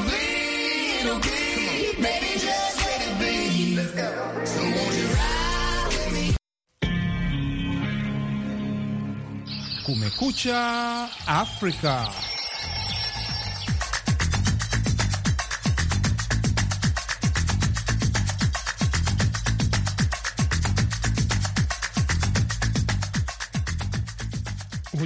it'll be, it'll be, baby, just let it be. So won't you with me? Kumekucha Afrika.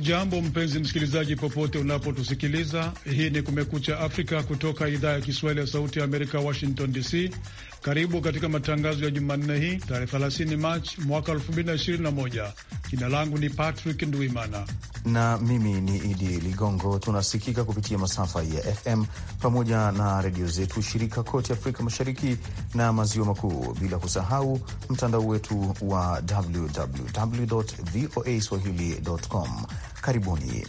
Hujambo mpenzi msikilizaji, popote unapotusikiliza. Hii ni Kumekucha Afrika kutoka idhaa ya Kiswahili ya Sauti ya Amerika, Washington DC. Karibu katika matangazo ya Jumanne hii tarehe 30 Machi mwaka 2021. Jina langu ni Patrick Ndwimana na mimi ni Idi Ligongo. Tunasikika kupitia masafa ya FM pamoja na redio zetu shirika kote Afrika Mashariki na Maziwa Makuu, bila kusahau mtandao wetu wa www voa swahili.com. Karibuni.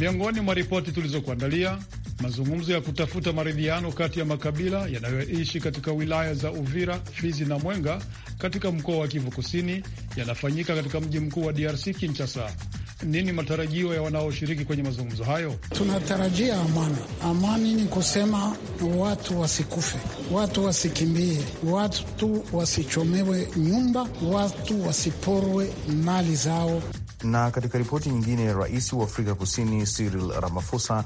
Miongoni mwa ripoti tulizokuandalia, mazungumzo ya kutafuta maridhiano kati ya makabila yanayoishi katika wilaya za Uvira, Fizi na Mwenga katika mkoa wa Kivu Kusini yanafanyika katika mji mkuu wa DRC, Kinshasa. Nini matarajio ya wanaoshiriki kwenye mazungumzo hayo? Tunatarajia amani. Amani ni kusema watu wasikufe, watu wasikimbie, watu wasichomewe nyumba, watu wasiporwe mali zao. Na katika ripoti nyingine, rais wa Afrika Kusini Cyril Ramaphosa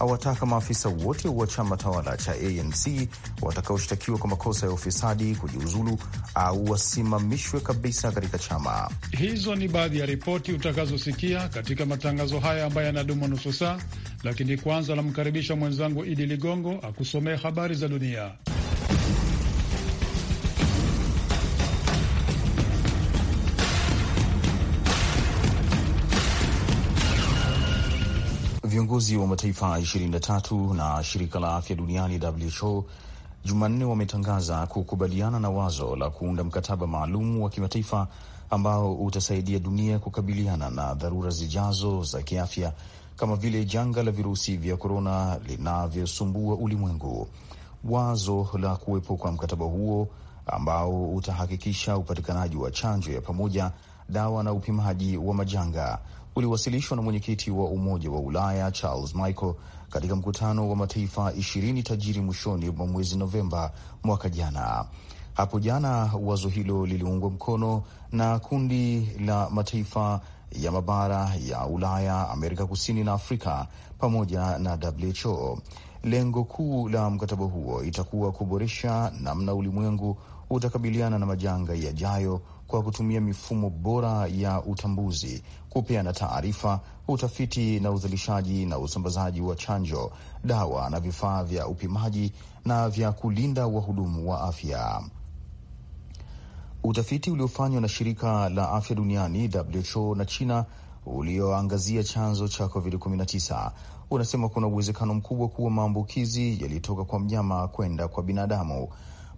awataka maafisa wote wa chama tawala cha ANC watakaoshtakiwa kwa makosa ya ufisadi kujiuzulu au wasimamishwe kabisa katika chama. Hizo ni baadhi ya ripoti utakazosikia katika matangazo haya ambayo yanadumu nusu saa, lakini kwanza namkaribisha mwenzangu Idi Ligongo akusomea habari za dunia. Viongozi wa mataifa 23 na shirika la afya duniani WHO Jumanne wametangaza kukubaliana na wazo la kuunda mkataba maalum wa kimataifa ambao utasaidia dunia kukabiliana na dharura zijazo za kiafya kama vile janga la virusi vya korona linavyosumbua ulimwengu. Wazo la kuwepo kwa mkataba huo ambao utahakikisha upatikanaji wa chanjo ya pamoja, dawa na upimaji wa majanga uliwasilishwa na mwenyekiti wa Umoja wa Ulaya Charles Michel katika mkutano wa mataifa ishirini tajiri mwishoni mwa mwezi Novemba mwaka jana. Hapo jana wazo hilo liliungwa mkono na kundi la mataifa ya mabara ya Ulaya, Amerika Kusini na Afrika pamoja na WHO. Lengo kuu la mkataba huo itakuwa kuboresha namna ulimwengu utakabiliana na majanga yajayo kwa kutumia mifumo bora ya utambuzi, kupeana taarifa, utafiti na uzalishaji na usambazaji wa chanjo, dawa na vifaa vya upimaji na vya kulinda wahudumu wa afya. Utafiti uliofanywa na shirika la afya duniani WHO na China ulioangazia chanzo cha COVID-19 unasema kuna uwezekano mkubwa kuwa maambukizi yaliyotoka kwa mnyama kwenda kwa binadamu.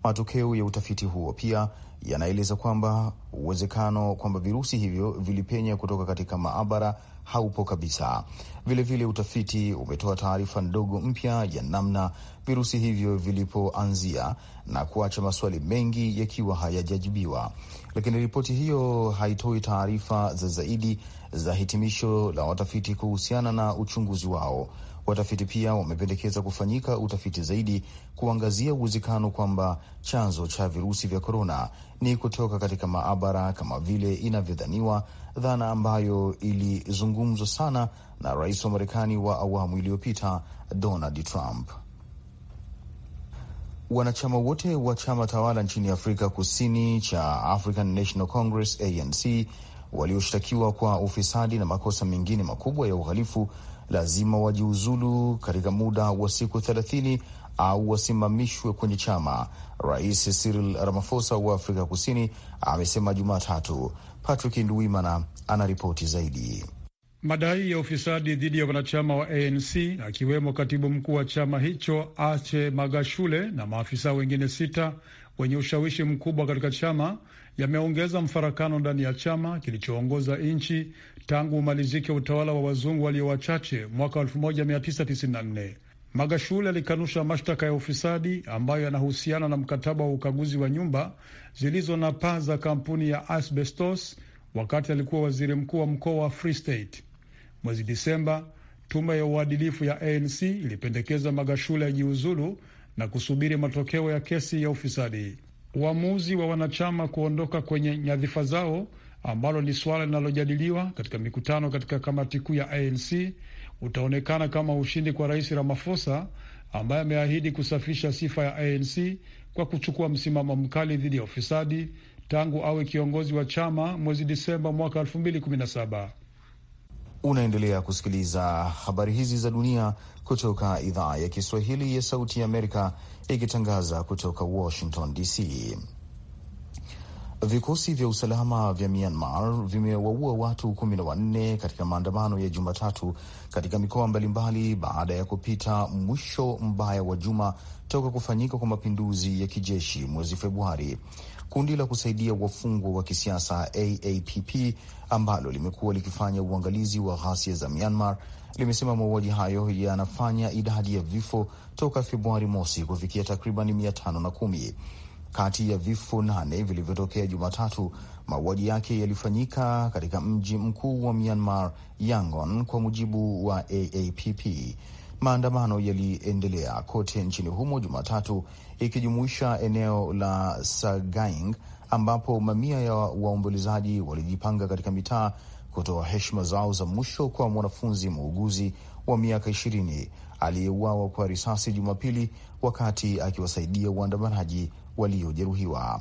Matokeo ya utafiti huo pia yanaeleza kwamba uwezekano kwamba virusi hivyo vilipenya kutoka katika maabara haupo kabisa. Vilevile vile utafiti umetoa taarifa ndogo mpya ya namna virusi hivyo vilipoanzia na kuacha maswali mengi yakiwa hayajajibiwa lakini ripoti hiyo haitoi taarifa za zaidi za hitimisho la watafiti kuhusiana na uchunguzi wao. Watafiti pia wamependekeza kufanyika utafiti zaidi kuangazia uwezekano kwamba chanzo cha virusi vya korona ni kutoka katika maabara kama vile inavyodhaniwa, dhana ambayo ilizungumzwa sana na rais wa Marekani wa awamu iliyopita Donald Trump wanachama wote wa chama tawala nchini Afrika Kusini cha African National Congress ANC walioshtakiwa kwa ufisadi na makosa mengine makubwa ya uhalifu lazima wajiuzulu katika muda wa siku thelathini au wasimamishwe kwenye chama. Rais Cyril Ramaphosa wa Afrika Kusini amesema Jumatatu. Patrick Nduwimana anaripoti zaidi. Madai ya ufisadi dhidi ya wanachama wa ANC akiwemo katibu mkuu wa chama hicho Ache Magashule na maafisa wengine sita wenye ushawishi mkubwa katika chama yameongeza mfarakano ndani ya chama kilichoongoza nchi tangu umalizike utawala wa wazungu walio wachache mwaka 1994. Magashule alikanusha mashtaka ya ufisadi ambayo yanahusiana na mkataba wa ukaguzi wa nyumba zilizo na paa za kampuni ya asbestos wakati alikuwa waziri mkuu wa mkoa wa Free State. Mwezi Disemba, tume ya uadilifu ya ANC ilipendekeza Magashule jiuzulu na kusubiri matokeo ya kesi ya ufisadi. Uamuzi wa wanachama kuondoka kwenye nyadhifa zao, ambalo ni suala linalojadiliwa katika mikutano katika kamati kuu ya ANC, utaonekana kama ushindi kwa Rais Ramaphosa ambaye ameahidi kusafisha sifa ya ANC kwa kuchukua msimamo mkali dhidi ya ufisadi tangu awe kiongozi wa chama mwezi Disemba mwaka 2017. Unaendelea kusikiliza habari hizi za dunia kutoka idhaa ya Kiswahili ya Sauti ya Amerika, ikitangaza kutoka Washington DC. Vikosi vya usalama vya Myanmar vimewaua watu kumi na wanne katika maandamano ya Jumatatu katika mikoa mbalimbali baada ya kupita mwisho mbaya wa juma toka kufanyika kwa mapinduzi ya kijeshi mwezi Februari. Kundi la kusaidia wafungwa wa kisiasa AAPP ambalo limekuwa likifanya uangalizi wa ghasia za Myanmar limesema mauaji hayo yanafanya idadi ya vifo toka Februari mosi kufikia takriban mia tano na kumi. Kati ya vifo nane vilivyotokea Jumatatu, mauaji yake yalifanyika katika mji mkuu wa Myanmar, Yangon, kwa mujibu wa AAPP. Maandamano yaliendelea kote nchini humo Jumatatu, ikijumuisha eneo la Sagaing ambapo mamia ya waombolezaji walijipanga katika mitaa kutoa heshima zao za mwisho kwa mwanafunzi muuguzi wa miaka ishirini aliyeuawa kwa risasi Jumapili wakati akiwasaidia waandamanaji waliojeruhiwa.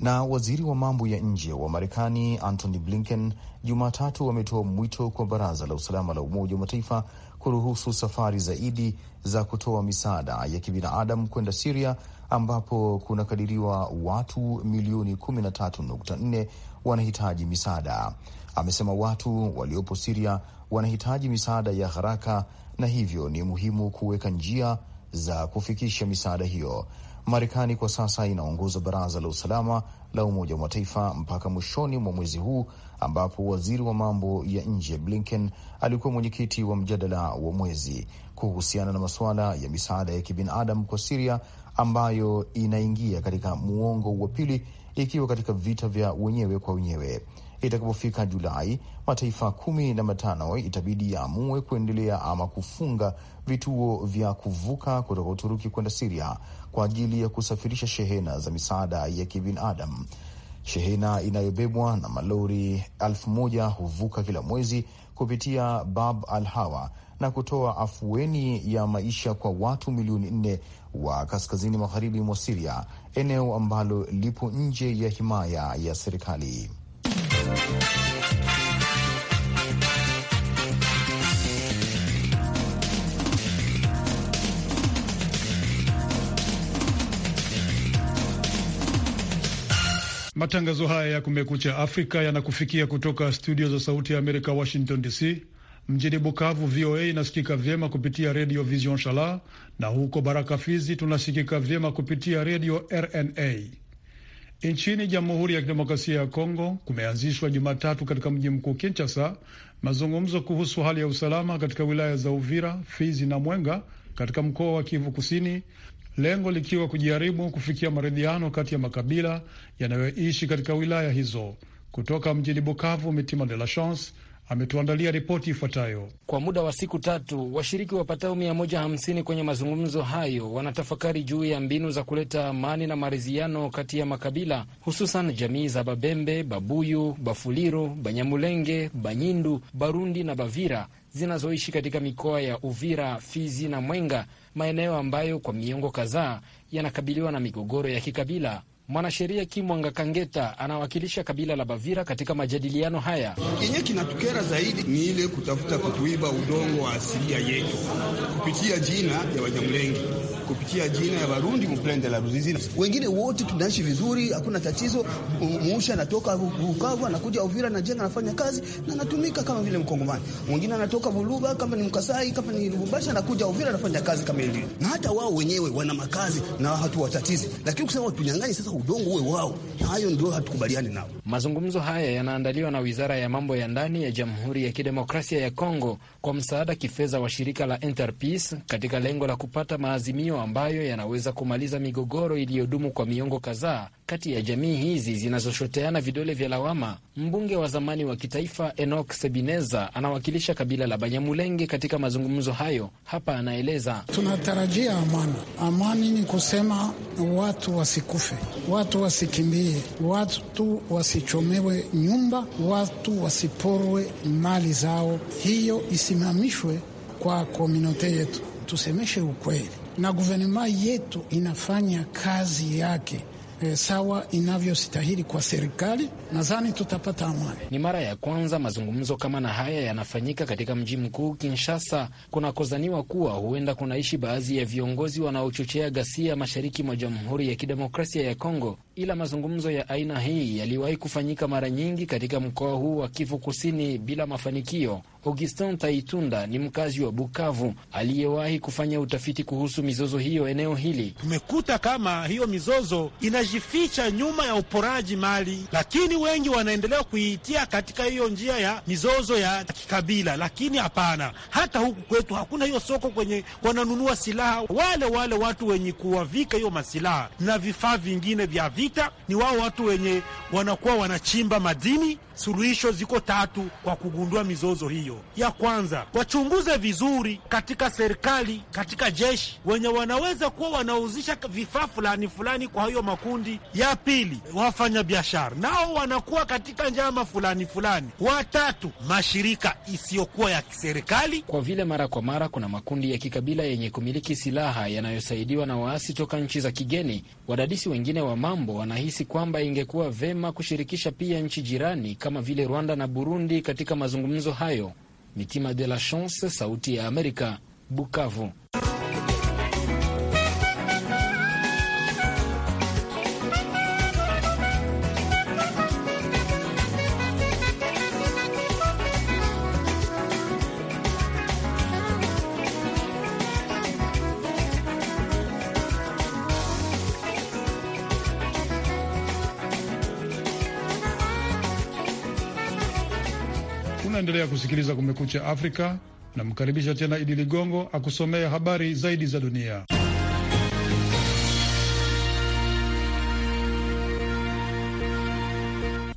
Na waziri wa mambo ya nje wa Marekani Antony Blinken Jumatatu ametoa mwito kwa Baraza la Usalama la Umoja wa Mataifa kuruhusu safari zaidi za kutoa misaada ya kibinadamu kwenda Siria ambapo kunakadiriwa watu milioni 13.4 wanahitaji misaada. Amesema watu waliopo Siria wanahitaji misaada ya haraka na hivyo ni muhimu kuweka njia za kufikisha misaada hiyo. Marekani kwa sasa inaongoza Baraza la Usalama la Umoja wa Mataifa mpaka mwishoni mwa mwezi huu ambapo waziri wa mambo ya nje Blinken alikuwa mwenyekiti wa mjadala wa mwezi kuhusiana na masuala ya misaada ya kibinadamu kwa Siria ambayo inaingia katika muongo wa pili ikiwa katika vita vya wenyewe kwa wenyewe itakapofika Julai, mataifa kumi na matano itabidi yaamue kuendelea ama kufunga vituo vya kuvuka kutoka Uturuki kwenda Siria kwa ajili ya kusafirisha shehena za misaada ya kibinadamu. Shehena inayobebwa na malori elfu moja huvuka kila mwezi kupitia Bab al Hawa na kutoa afueni ya maisha kwa watu milioni nne wa kaskazini magharibi mwa Siria, eneo ambalo lipo nje ya himaya ya serikali. Matangazo haya ya Kumekucha Afrika yanakufikia kutoka studio za Sauti ya Amerika, Washington DC. Mjini Bukavu, VOA inasikika vyema kupitia redio Vision Shala, na huko Baraka Fizi tunasikika vyema kupitia redio RNA. Nchini Jamhuri ya Kidemokrasia ya Kongo kumeanzishwa Jumatatu katika mji mkuu Kinshasa mazungumzo kuhusu hali ya usalama katika wilaya za Uvira, Fizi na Mwenga katika mkoa wa Kivu Kusini, lengo likiwa kujaribu kufikia maridhiano kati ya makabila yanayoishi katika wilaya hizo. Kutoka mjini Bukavu, Mitima de la Chance ametuandalia ripoti ifuatayo. Kwa muda wa siku tatu, washiriki wapatao 150 kwenye mazungumzo hayo wanatafakari juu ya mbinu za kuleta amani na maridhiano kati ya makabila, hususan jamii za Babembe, Babuyu, Bafuliru, Banyamulenge, Banyindu, Barundi na Bavira zinazoishi katika mikoa ya Uvira, Fizi na Mwenga, maeneo ambayo kwa miongo kadhaa yanakabiliwa na migogoro ya kikabila. Mwanasheria Kimwanga Kangeta anawakilisha kabila la Bavira katika majadiliano haya. Kenye kinatukera zaidi ni ile kutafuta kutuiba udongo wa asilia yetu kupitia jina ya Wanyamulenge kupitia jina ya Barundi mplende la Ruzizi. Wengine wote tunaishi vizuri, hakuna tatizo. Muusha anatoka Bukavu anakuja Uvira na jenga anafanya kazi na anatumika kama vile Mkongomani. Mwingine anatoka Buluba kama ni Mkasai kama ni Lubumbashi anakuja Uvira anafanya kazi kama ilivyo. Na hata wao wenyewe wana makazi na hatuwatatizi. Lakini kusema tunyang'anye sasa udongo uwe wao, hayo ndio hatukubaliani nao. Mazungumzo haya yanaandaliwa na Wizara ya Mambo ya Ndani ya Jamhuri ya Kidemokrasia ya Kongo kwa msaada kifedha wa shirika la Interpeace katika lengo la kupata maazimio maeneo ambayo yanaweza kumaliza migogoro iliyodumu kwa miongo kadhaa kati ya jamii hizi zinazoshoteana vidole vya lawama. Mbunge wa zamani wa kitaifa enok Sebineza anawakilisha kabila la Banyamulenge katika mazungumzo hayo. Hapa anaeleza: tunatarajia amani. Amani ni kusema watu wasikufe, watu wasikimbie, watu wasichomewe nyumba, watu wasiporwe mali zao. Hiyo isimamishwe kwa kominote yetu, tusemeshe ukweli na guvernema yetu inafanya kazi yake E, sawa inavyostahili kwa serikali, nadhani tutapata amani. Ni mara ya kwanza mazungumzo kama na haya yanafanyika katika mji mkuu Kinshasa, kunakozaniwa kuwa huenda kunaishi baadhi ya viongozi wanaochochea ghasia mashariki mwa Jamhuri ya Kidemokrasia ya Kongo, ila mazungumzo ya aina hii yaliwahi kufanyika mara nyingi katika mkoa huu wa Kivu Kusini bila mafanikio. Augustin Taitunda ni mkazi wa Bukavu aliyewahi kufanya utafiti kuhusu mizozo hiyo eneo hili. Tumekuta kama hiyo mizozo inajificha nyuma ya uporaji mali, lakini wengi wanaendelea kuiitia katika hiyo njia ya mizozo ya kikabila. Lakini hapana, hata huku kwetu hakuna hiyo soko kwenye wananunua silaha wale wale watu wenye kuwavika hiyo masilaha na vifaa vingine vya vita ni wao watu wenye wanakuwa wanachimba madini Suluhisho ziko tatu kwa kugundua mizozo hiyo. Ya kwanza, wachunguze vizuri katika serikali, katika jeshi, wenye wanaweza kuwa wanauzisha vifaa fulani fulani kwa hiyo makundi. Ya pili, wafanya biashara nao wanakuwa katika njama fulani fulani. Watatu, mashirika isiyokuwa ya kiserikali, kwa vile mara kwa mara kuna makundi ya kikabila yenye kumiliki silaha yanayosaidiwa na waasi toka nchi za kigeni. Wadadisi wengine wa mambo wanahisi kwamba ingekuwa vema kushirikisha pia nchi jirani kama vile Rwanda na Burundi katika mazungumzo hayo. Mitima de la Chance, Sauti ya Amerika, Bukavu. Unaendelea kusikiliza Kumekucha Afrika. Namkaribisha tena Idi Ligongo akusomea habari zaidi za dunia.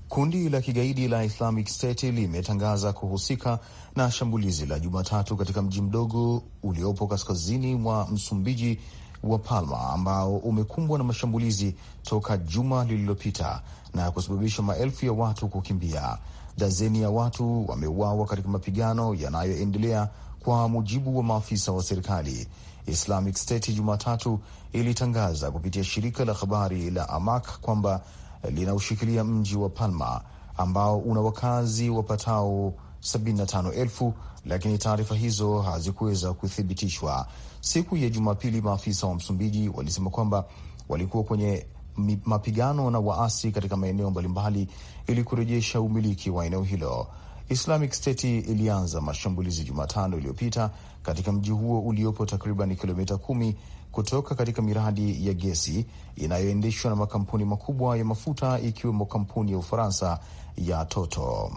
Kundi la kigaidi la Islamic State limetangaza kuhusika na shambulizi la Jumatatu katika mji mdogo uliopo kaskazini mwa Msumbiji wa Palma ambao umekumbwa na mashambulizi toka juma lililopita na kusababisha maelfu ya watu kukimbia. Dazeni ya watu wameuawa katika mapigano yanayoendelea, kwa mujibu wa maafisa wa serikali. Islamic State Jumatatu ilitangaza kupitia shirika la habari la amak kwamba linaushikilia mji wa Palma ambao una wakazi wapatao 75,000 lakini taarifa hizo hazikuweza kuthibitishwa. Siku ya Jumapili, maafisa wa Msumbiji walisema kwamba walikuwa kwenye mapigano na waasi katika maeneo mbalimbali ili kurejesha umiliki wa eneo hilo. Islamic State ilianza mashambulizi Jumatano iliyopita katika mji huo uliopo takriban kilomita kumi kutoka katika miradi ya gesi inayoendeshwa na makampuni makubwa ya mafuta ikiwemo kampuni ya Ufaransa ya Total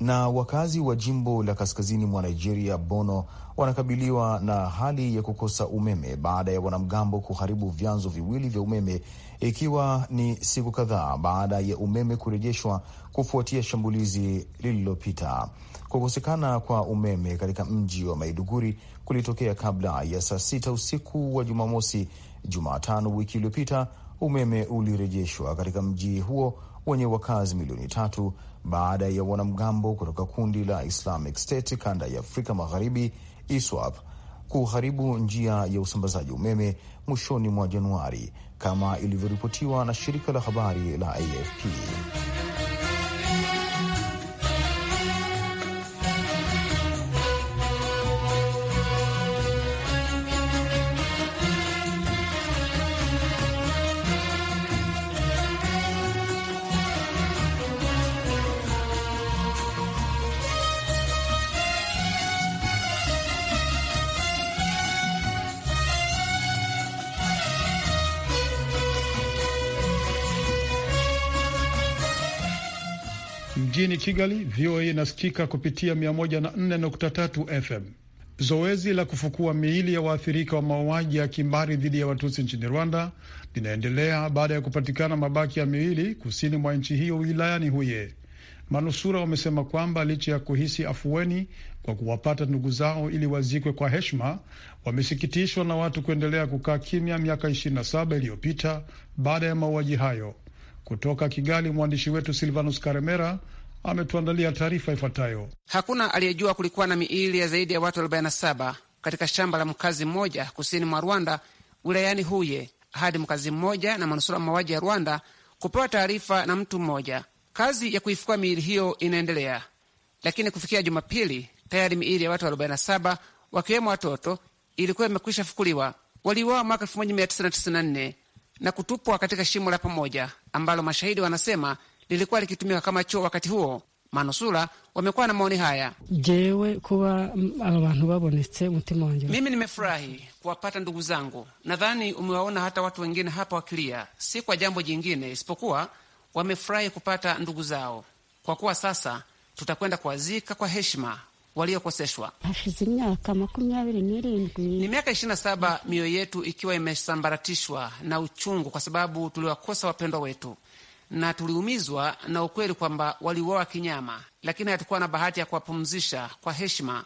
na wakazi wa jimbo la kaskazini mwa Nigeria, Bono, wanakabiliwa na hali ya kukosa umeme baada ya wanamgambo kuharibu vyanzo viwili vya umeme, ikiwa ni siku kadhaa baada ya umeme kurejeshwa kufuatia shambulizi lililopita. Kukosekana kwa umeme katika mji wa Maiduguri kulitokea kabla ya saa sita usiku wa Jumamosi. Jumatano wiki iliyopita umeme ulirejeshwa katika mji huo wenye wakazi milioni tatu baada ya wanamgambo kutoka kundi la Islamic State kanda ya Afrika Magharibi ISWAP kuharibu njia ya usambazaji umeme mwishoni mwa Januari kama ilivyoripotiwa na shirika la habari la AFP. Kigali, VOA inasikika kupitia 104.3 FM. Zoezi la kufukua miili ya waathirika wa mauaji ya kimbari dhidi ya Watusi nchini Rwanda linaendelea baada ya kupatikana mabaki ya miili kusini mwa nchi hiyo wilayani Huye. Manusura wamesema kwamba licha ya kuhisi afueni kwa kuwapata ndugu zao ili wazikwe kwa heshima, wamesikitishwa na watu kuendelea kukaa kimya miaka 27 iliyopita baada ya mauaji hayo. Kutoka Kigali, mwandishi wetu Silvanus Karemera ametuandalia taarifa ifuatayo. Hakuna aliyejua kulikuwa na miili ya zaidi ya watu 47 katika shamba la mkazi mmoja kusini mwa Rwanda wilayani Huye hadi mkazi mmoja na manusura mauaji ya Rwanda kupewa taarifa na mtu mmoja. Kazi ya kuifukua miili hiyo inaendelea, lakini kufikia Jumapili tayari miili ya watu 47 wakiwemo watoto ilikuwa imekwisha fukuliwa. Waliuawa mwaka 1994 na kutupwa katika shimo la pamoja ambalo mashahidi wanasema lilikuwa likitumika kama choo wakati huo. Manusura wamekuwa na maoni haya: jewe kuwa aba babonetse mutima wanje, mimi nimefurahi kuwapata ndugu zangu. Nadhani umewaona hata watu wengine hapa wakilia, si kwa jambo jingine isipokuwa wamefurahi kupata ndugu zao, kwa kuwa sasa tutakwenda kuwazika kwa heshima waliokoseshwa. Ni miaka ishirini na saba mioyo yetu ikiwa imesambaratishwa na uchungu kwa sababu tuliwakosa wapendwa wetu na tuliumizwa na ukweli kwamba waliuawa kinyama, lakini hatukuwa na bahati ya kuwapumzisha kwa heshima,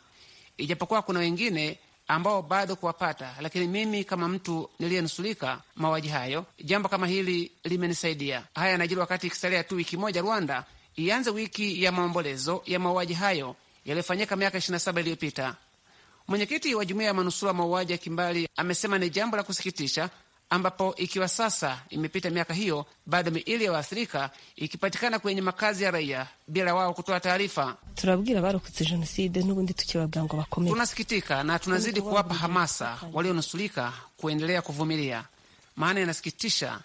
ijapokuwa kuna wengine ambao bado kuwapata. Lakini mimi kama mtu niliyenusulika mauaji hayo, jambo kama hili limenisaidia. Haya yanajiri wakati ikisalia tu wiki moja Rwanda ianze wiki ya maombolezo ya mauaji hayo yaliyofanyika miaka 27 iliyopita. Mwenyekiti wa jumuiya ya manusura mauaji ya kimbali amesema ni jambo la kusikitisha ambapo ikiwa sasa imepita miaka hiyo bado miili ya waathirika ikipatikana kwenye makazi ya raia bila wao kutoa taarifa. Tunasikitika na tunazidi kuwapa hamasa walionusulika kuendelea kuvumilia, maana inasikitisha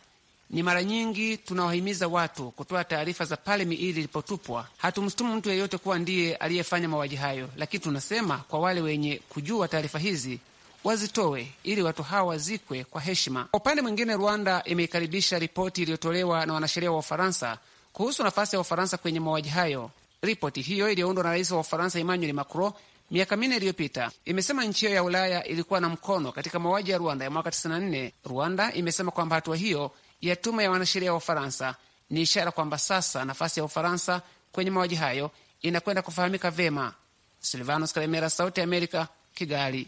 ni mara nyingi tunawahimiza watu kutoa taarifa za pale miili ilipotupwa. Hatumshutumu mtu yeyote kuwa ndiye aliyefanya mauaji hayo, lakini tunasema kwa wale wenye kujua taarifa hizi wazitoe ili watu hawa wazikwe kwa heshima. Kwa upande mwingine, Rwanda imeikaribisha ripoti iliyotolewa na wanasheria wa Ufaransa kuhusu nafasi ya Ufaransa kwenye mauaji hayo. Ripoti hiyo iliyoundwa na rais wa Ufaransa Emmanuel Macron miaka minne iliyopita imesema nchi hiyo ya Ulaya ilikuwa na mkono katika mauaji ya Rwanda ya mwaka 94. Rwanda imesema kwamba hatua hiyo ya tume ya wanasheria wa Ufaransa ni ishara kwamba sasa nafasi ya Ufaransa kwenye mauaji hayo inakwenda kufahamika vema. Silvanos Kalemera, Sauti ya Amerika, Kigali.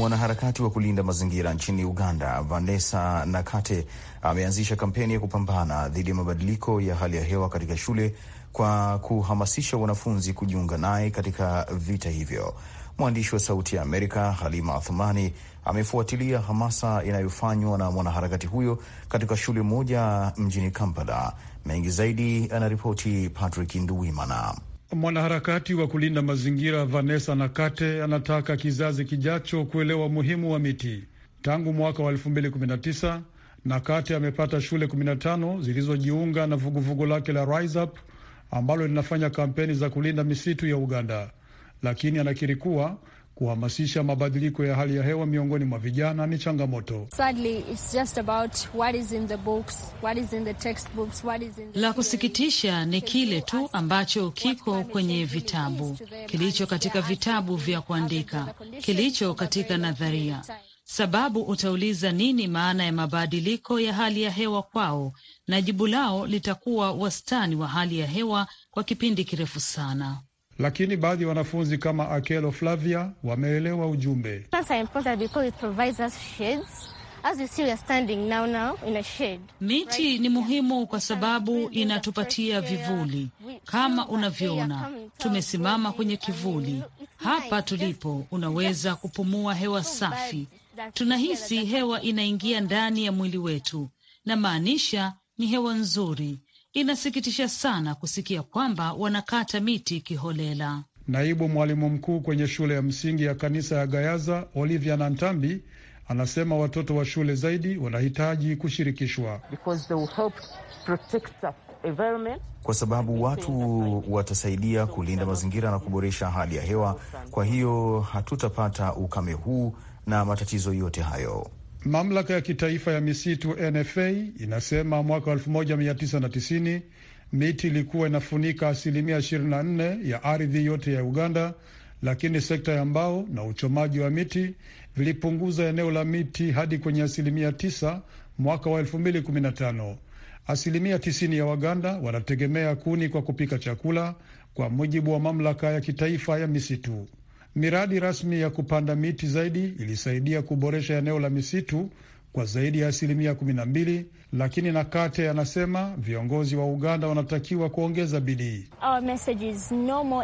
Mwanaharakati wa kulinda mazingira nchini Uganda, Vanessa Nakate, ameanzisha kampeni ya kupambana dhidi ya mabadiliko ya hali ya hewa katika shule kwa kuhamasisha wanafunzi kujiunga naye katika vita hivyo. Mwandishi wa Sauti ya Amerika Halima Athumani amefuatilia hamasa inayofanywa na mwanaharakati huyo katika shule moja mjini Kampala. Mengi zaidi anaripoti Patrick Nduwimana. Mwanaharakati wa kulinda mazingira Vanessa Nakate anataka kizazi kijacho kuelewa umuhimu wa miti. Tangu mwaka wa 2019 Nakate amepata shule 15 zilizojiunga na vuguvugu lake la Rise Up ambalo linafanya kampeni za kulinda misitu ya Uganda, lakini anakiri kuwa kuhamasisha mabadiliko ya hali ya hewa miongoni mwa vijana ni changamoto. La kusikitisha ni kile tu ambacho kiko kwenye vitabu, kilicho katika vitabu vya kuandika, kilicho katika nadharia sababu utauliza nini maana ya mabadiliko ya hali ya hewa kwao, na jibu lao litakuwa wastani wa hali ya hewa kwa kipindi kirefu sana lakini baadhi ya wanafunzi kama Akelo Flavia wameelewa ujumbe. miti ni muhimu kwa sababu inatupatia vivuli. Kama unavyoona, tumesimama kwenye kivuli hapa tulipo, unaweza kupumua hewa safi. Tunahisi hewa inaingia ndani ya mwili wetu, na maanisha ni hewa nzuri Inasikitisha sana kusikia kwamba wanakata miti kiholela. Naibu mwalimu mkuu kwenye shule ya msingi ya kanisa ya Gayaza, Olivia Nantambi, anasema watoto wa shule zaidi wanahitaji kushirikishwa kwa sababu watu watasaidia kulinda mazingira na kuboresha hali ya hewa. Kwa hiyo hatutapata ukame huu na matatizo yote hayo. Mamlaka ya kitaifa ya misitu NFA inasema mwaka 1990 miti ilikuwa inafunika asilimia 24 ya ardhi yote ya Uganda, lakini sekta ya mbao na uchomaji wa miti vilipunguza eneo la miti hadi kwenye asilimia 9 mwaka wa 2015. Asilimia 90 ya Waganda wanategemea kuni kwa kupika chakula, kwa mujibu wa mamlaka ya kitaifa ya misitu. Miradi rasmi ya kupanda miti zaidi ilisaidia kuboresha eneo la misitu kwa zaidi ya asilimia kumi na mbili, lakini Nakate anasema viongozi wa Uganda wanatakiwa kuongeza bidii. No,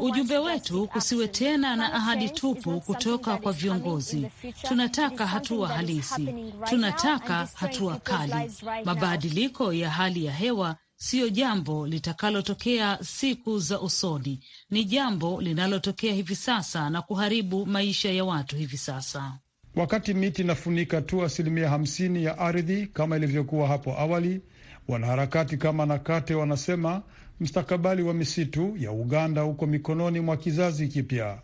ujumbe wetu kusiwe tena na ahadi tupu kutoka kwa viongozi. Tunataka hatua halisi, tunataka hatua kali, mabadiliko ya hali ya hewa siyo jambo litakalotokea siku za usoni, ni jambo linalotokea hivi sasa na kuharibu maisha ya watu hivi sasa. Wakati miti inafunika tu asilimia hamsini ya ardhi kama ilivyokuwa hapo awali, wanaharakati kama Nakate wanasema mstakabali wa misitu ya Uganda uko mikononi mwa kizazi kipya.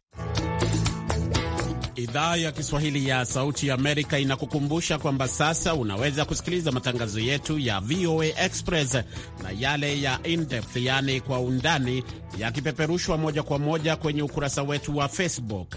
Idhaa ya Kiswahili ya Sauti ya Amerika inakukumbusha kwamba sasa unaweza kusikiliza matangazo yetu ya VOA Express na yale ya in-depth, yaani kwa undani, yakipeperushwa moja kwa moja kwenye ukurasa wetu wa Facebook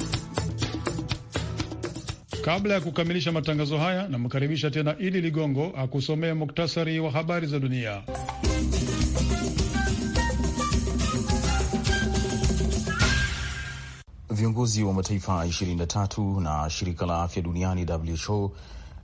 Kabla ya kukamilisha matangazo haya, namkaribisha tena Idi Ligongo akusomee muktasari wa habari za dunia. Viongozi wa mataifa 23 na shirika la afya duniani WHO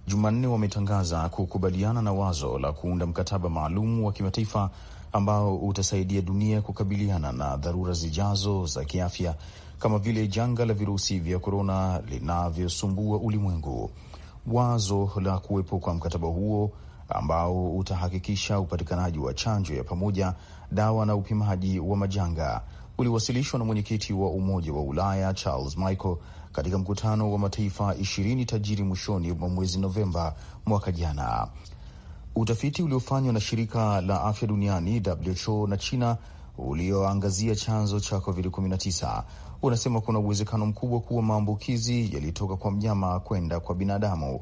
Jumanne wametangaza kukubaliana na wazo la kuunda mkataba maalum wa kimataifa ambao utasaidia dunia kukabiliana na dharura zijazo za kiafya kama vile janga la virusi vya korona linavyosumbua ulimwengu. Wazo la kuwepo kwa mkataba huo ambao utahakikisha upatikanaji wa chanjo ya pamoja, dawa na upimaji wa majanga uliwasilishwa na mwenyekiti wa Umoja wa Ulaya Charles Michael katika mkutano wa mataifa ishirini tajiri mwishoni mwa mwezi Novemba mwaka jana. Utafiti uliofanywa na shirika la afya duniani WHO na China ulioangazia chanzo cha COVID-19 unasema kuna uwezekano mkubwa kuwa maambukizi yalitoka kwa mnyama kwenda kwa binadamu.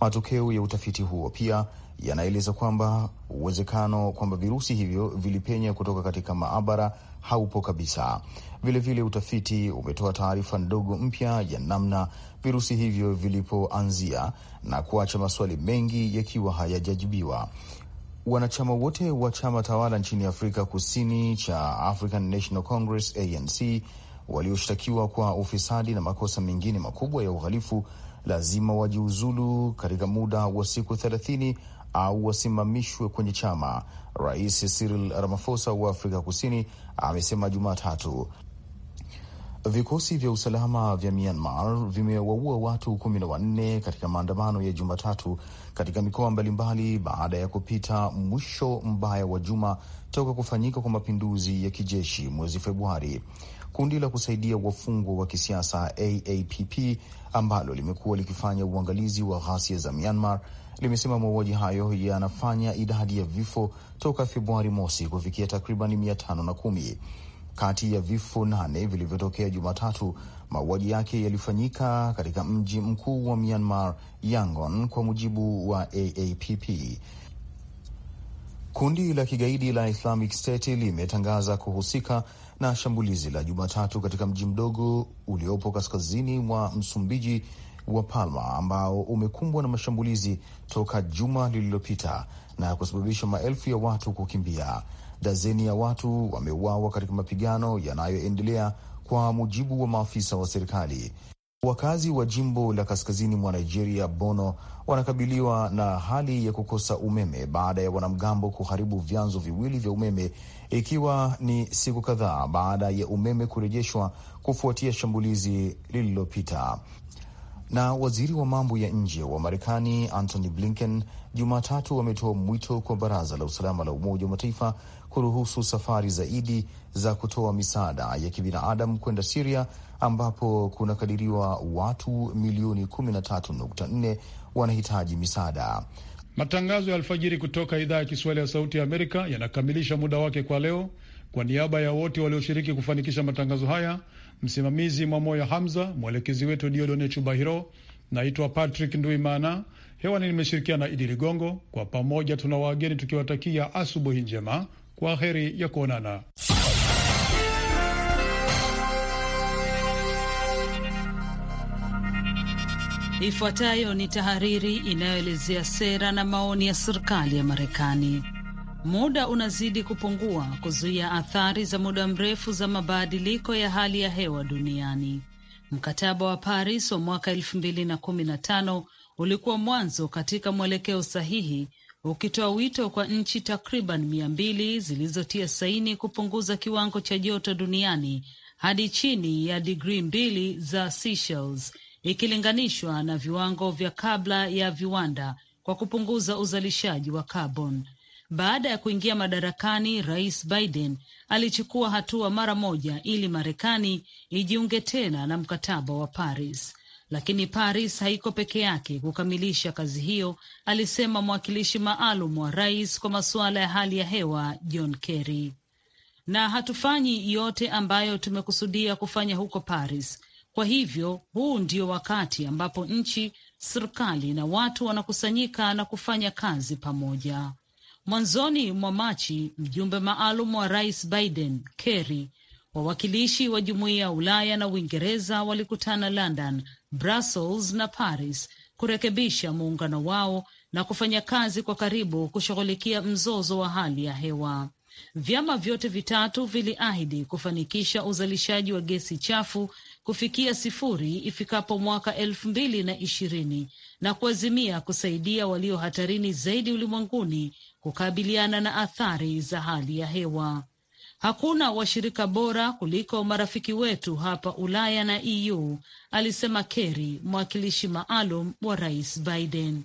Matokeo ya utafiti huo pia yanaeleza kwamba uwezekano kwamba virusi hivyo vilipenya kutoka katika maabara haupo kabisa. Vilevile vile utafiti umetoa taarifa ndogo mpya ya namna virusi hivyo vilipoanzia na kuacha maswali mengi yakiwa hayajajibiwa. Wanachama wote wa chama tawala nchini Afrika Kusini cha African National Congress ANC walioshtakiwa kwa ufisadi na makosa mengine makubwa ya uhalifu lazima wajiuzulu katika muda wa siku thelathini au wasimamishwe kwenye chama. Rais Cyril Ramaphosa wa Afrika Kusini amesema Jumatatu. Vikosi vya usalama vya Myanmar vimewaua watu kumi na wanne katika maandamano ya Jumatatu katika mikoa mbalimbali baada ya kupita mwisho mbaya wa juma toka kufanyika kwa mapinduzi ya kijeshi mwezi Februari kundi la kusaidia wafungwa wa kisiasa AAPP ambalo limekuwa likifanya uangalizi wa ghasia za Myanmar limesema mauaji hayo yanafanya idadi ya vifo toka Februari mosi kufikia takriban mia tano na kumi. Kati ya vifo nane vilivyotokea Jumatatu, mauaji yake yalifanyika katika mji mkuu wa Myanmar, Yangon, kwa mujibu wa AAPP. Kundi la kigaidi la Islamic State limetangaza kuhusika na shambulizi la Jumatatu katika mji mdogo uliopo kaskazini mwa Msumbiji wa Palma ambao umekumbwa na mashambulizi toka juma lililopita na kusababisha maelfu ya watu kukimbia. Dazeni ya watu wameuawa katika mapigano yanayoendelea kwa mujibu wa maafisa wa serikali. Wakazi wa jimbo la kaskazini mwa Nigeria, Bono, wanakabiliwa na hali ya kukosa umeme baada ya wanamgambo kuharibu vyanzo viwili vya umeme, ikiwa ni siku kadhaa baada ya umeme kurejeshwa kufuatia shambulizi lililopita. Na waziri wa mambo ya nje wa Marekani Antony Blinken Jumatatu ametoa mwito kwa Baraza la Usalama la Umoja wa Mataifa kuruhusu safari zaidi za kutoa misaada ya kibinadamu kwenda Siria ambapo kunakadiriwa watu milioni 13.4 wanahitaji misaada. Matangazo ya alfajiri kutoka idhaa ya Kiswahili ya Sauti ya Amerika yanakamilisha muda wake kwa leo. Kwa niaba ya wote walioshiriki kufanikisha matangazo haya, msimamizi Mwamoyo Hamza, mwelekezi wetu Diodone Chubahiro. Naitwa Patrick Nduimana, hewani nimeshirikiana na Idi Ligongo. Kwa pamoja tuna wageni tukiwatakia asubuhi njema, kwa heri ya kuonana. Ifuatayo ni tahariri inayoelezea sera na maoni ya serikali ya Marekani. Muda unazidi kupungua kuzuia athari za muda mrefu za mabadiliko ya hali ya hewa duniani. Mkataba wa Paris wa mwaka elfu mbili na kumi na tano ulikuwa mwanzo katika mwelekeo sahihi, ukitoa wito kwa nchi takriban mia mbili zilizotia saini kupunguza kiwango cha joto duniani hadi chini ya digrii mbili za Celsius ikilinganishwa na viwango vya kabla ya viwanda kwa kupunguza uzalishaji wa carbon. Baada ya kuingia madarakani, Rais Biden alichukua hatua mara moja ili Marekani ijiunge tena na mkataba wa Paris. Lakini Paris haiko peke yake kukamilisha kazi hiyo, alisema mwakilishi maalum wa rais kwa masuala ya hali ya hewa John Kerry. Na hatufanyi yote ambayo tumekusudia kufanya huko Paris, kwa hivyo huu ndio wakati ambapo nchi, serikali na watu wanakusanyika na kufanya kazi pamoja. Mwanzoni mwa Machi, mjumbe maalum wa rais Biden Kerry, wawakilishi wa jumuiya ya Ulaya na Uingereza walikutana London, Brussels na Paris kurekebisha muungano wao na kufanya kazi kwa karibu kushughulikia mzozo wa hali ya hewa. Vyama vyote vitatu viliahidi kufanikisha uzalishaji wa gesi chafu kufikia sifuri ifikapo mwaka elfu mbili na ishirini na kuazimia kusaidia walio hatarini zaidi ulimwenguni kukabiliana na athari za hali ya hewa. Hakuna washirika bora kuliko marafiki wetu hapa Ulaya na EU, alisema Kerry, mwakilishi maalum wa Rais Biden.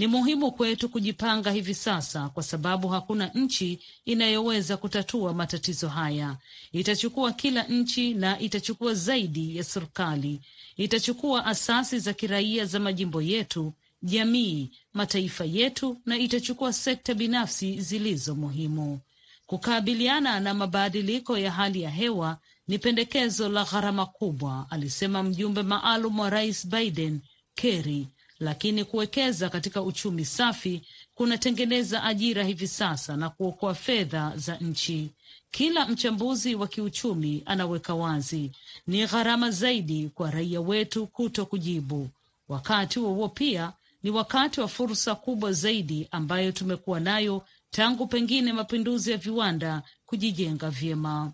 Ni muhimu kwetu kujipanga hivi sasa, kwa sababu hakuna nchi inayoweza kutatua matatizo haya. Itachukua kila nchi na itachukua zaidi ya serikali, itachukua asasi za kiraia za majimbo yetu, jamii, mataifa yetu, na itachukua sekta binafsi zilizo muhimu. Kukabiliana na mabadiliko ya hali ya hewa ni pendekezo la gharama kubwa, alisema mjumbe maalum wa rais Biden Kerry lakini kuwekeza katika uchumi safi kunatengeneza ajira hivi sasa na kuokoa fedha za nchi. Kila mchambuzi wa kiuchumi anaweka wazi, ni gharama zaidi kwa raia wetu kuto kujibu. Wakati huo pia ni wakati wa fursa kubwa zaidi ambayo tumekuwa nayo tangu pengine mapinduzi ya viwanda kujijenga vyema,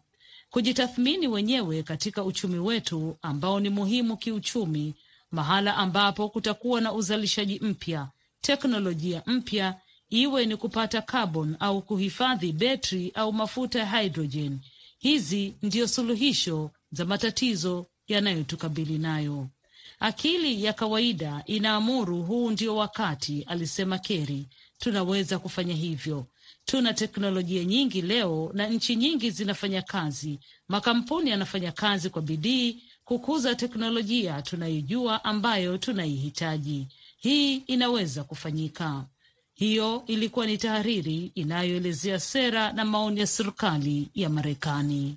kujitathmini wenyewe katika uchumi wetu ambao ni muhimu kiuchumi mahala ambapo kutakuwa na uzalishaji mpya, teknolojia mpya, iwe ni kupata carbon au kuhifadhi betri au mafuta ya hydrogen. Hizi ndiyo suluhisho za matatizo yanayotukabili nayo. Akili ya kawaida inaamuru huu ndio wakati, alisema keri Tunaweza kufanya hivyo. Tuna teknolojia nyingi leo na nchi nyingi zinafanya kazi, makampuni yanafanya kazi kwa bidii kukuza teknolojia tunayojua ambayo tunaihitaji. Hii inaweza kufanyika. Hiyo ilikuwa ni tahariri inayoelezea sera na maoni ya serikali ya Marekani.